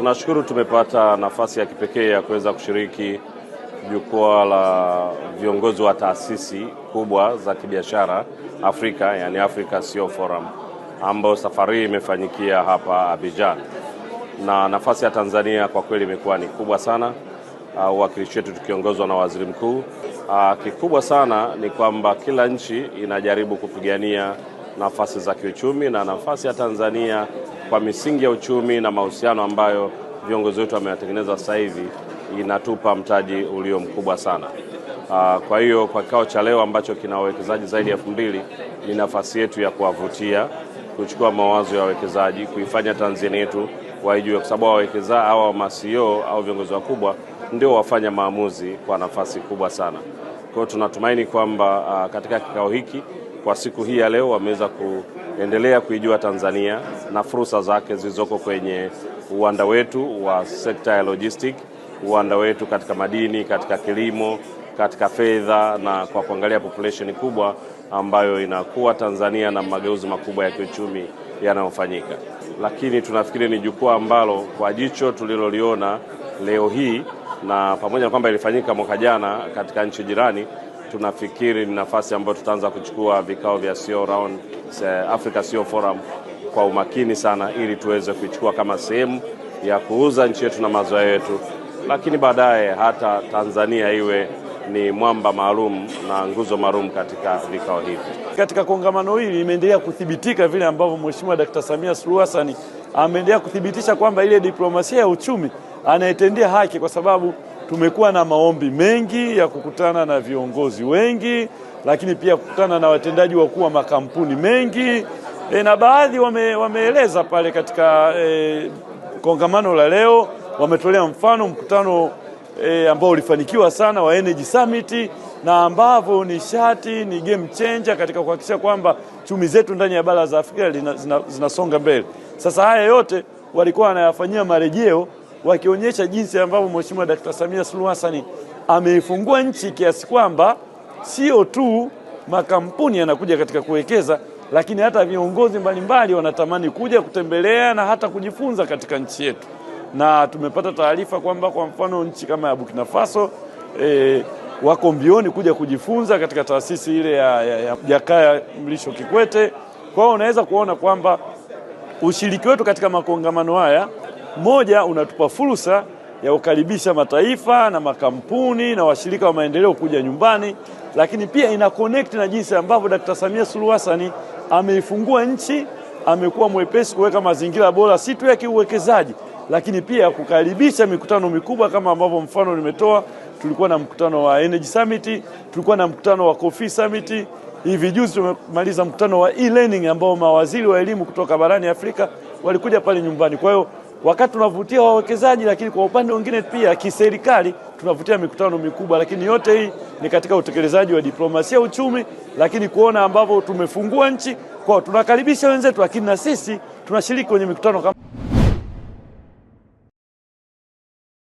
Tunashukuru tumepata nafasi ya kipekee ya kuweza kushiriki jukwaa la viongozi wa taasisi kubwa za kibiashara Afrika, yani Africa CEO Forum ambayo safari hii imefanyikia hapa Abidjan, na nafasi ya Tanzania kwa kweli imekuwa ni kubwa sana, ah, uwakilishi uh, wetu tukiongozwa na waziri mkuu. Uh, kikubwa sana ni kwamba kila nchi inajaribu kupigania nafasi za kiuchumi na nafasi ya Tanzania kwa misingi ya uchumi na mahusiano ambayo viongozi wetu wameyatengeneza sasa hivi inatupa mtaji ulio mkubwa sana. Ah, kwa hiyo kwa kikao cha leo ambacho kina wawekezaji zaidi ya elfu mbili ni nafasi yetu ya kuwavutia kuchukua mawazo ya wawekezaji, kuifanya Tanzania yetu waijue, kwa sababu wawekezaji au ma CEO au viongozi wakubwa ndio wafanya maamuzi kwa nafasi kubwa sana. Kwa hiyo tunatumaini kwamba ah, katika kikao hiki kwa siku hii ya leo wameweza kuendelea kuijua Tanzania na fursa zake zilizoko kwenye uwanda wetu wa sekta ya logistic, uwanda wetu katika madini, katika kilimo, katika fedha na kwa kuangalia population kubwa ambayo inakuwa Tanzania na mageuzi makubwa ya kiuchumi yanayofanyika. Lakini tunafikiri ni jukwaa ambalo kwa jicho tuliloliona leo hii na pamoja na kwamba ilifanyika mwaka jana katika nchi jirani, tunafikiri ni nafasi ambayo tutaanza kuchukua vikao vya CEO Round, Africa CEO Forum kwa umakini sana, ili tuweze kuichukua kama sehemu ya kuuza nchi yetu na mazoea yetu, lakini baadaye hata Tanzania iwe ni mwamba maalum na nguzo maalum katika vikao hivi. Katika kongamano hili imeendelea kuthibitika vile ambavyo Mheshimiwa Dkt. Samia Suluhu Hassan ameendelea kuthibitisha kwamba ile diplomasia ya uchumi anaitendea haki, kwa sababu tumekuwa na maombi mengi ya kukutana na viongozi wengi, lakini pia kukutana na watendaji wakuu wa makampuni mengi e, na baadhi wame, wameeleza pale katika e, kongamano la leo, wametolea mfano mkutano e, ambao ulifanikiwa sana wa Energy Summit na ambavyo nishati ni game changer katika kuhakikisha kwamba chumi zetu ndani ya bara za Afrika zinasonga zina, zina mbele. Sasa haya yote walikuwa wanayafanyia marejeo wakionyesha jinsi ambavyo Mheshimiwa Dkt. Samia Suluhu Hassan ameifungua nchi kiasi kwamba sio tu makampuni yanakuja katika kuwekeza, lakini hata viongozi mbalimbali wanatamani kuja kutembelea na hata kujifunza katika nchi yetu. Na tumepata taarifa kwamba kwa mfano nchi kama ya Burkina Faso e, wako mbioni kuja kujifunza katika taasisi ile ya Jakaya Mlisho Kikwete. Kwa hiyo unaweza kuona kwamba ushiriki wetu katika makongamano haya moja, unatupa fursa ya kukaribisha mataifa na makampuni na washirika wa maendeleo kuja nyumbani, lakini pia ina connect na jinsi ambavyo Dkt. Samia Suluhu Hassan ameifungua nchi, amekuwa mwepesi kuweka mazingira bora si tu ya kiuwekezaji, lakini pia kukaribisha mikutano mikubwa kama ambavyo mfano nimetoa. Tulikuwa na mkutano wa Energy Summit, tulikuwa na mkutano wa Coffee Summit. Hivi juzi tumemaliza mkutano wa e-learning ambao mawaziri wa elimu kutoka barani Afrika walikuja pale nyumbani. Kwa hiyo wakati tunavutia wawekezaji, lakini kwa upande mwingine pia kiserikali tunavutia mikutano mikubwa, lakini yote hii ni katika utekelezaji wa diplomasia ya uchumi, lakini kuona ambavyo tumefungua nchi kwao, tunakaribisha wenzetu, lakini na sisi tunashiriki kwenye mikutano kama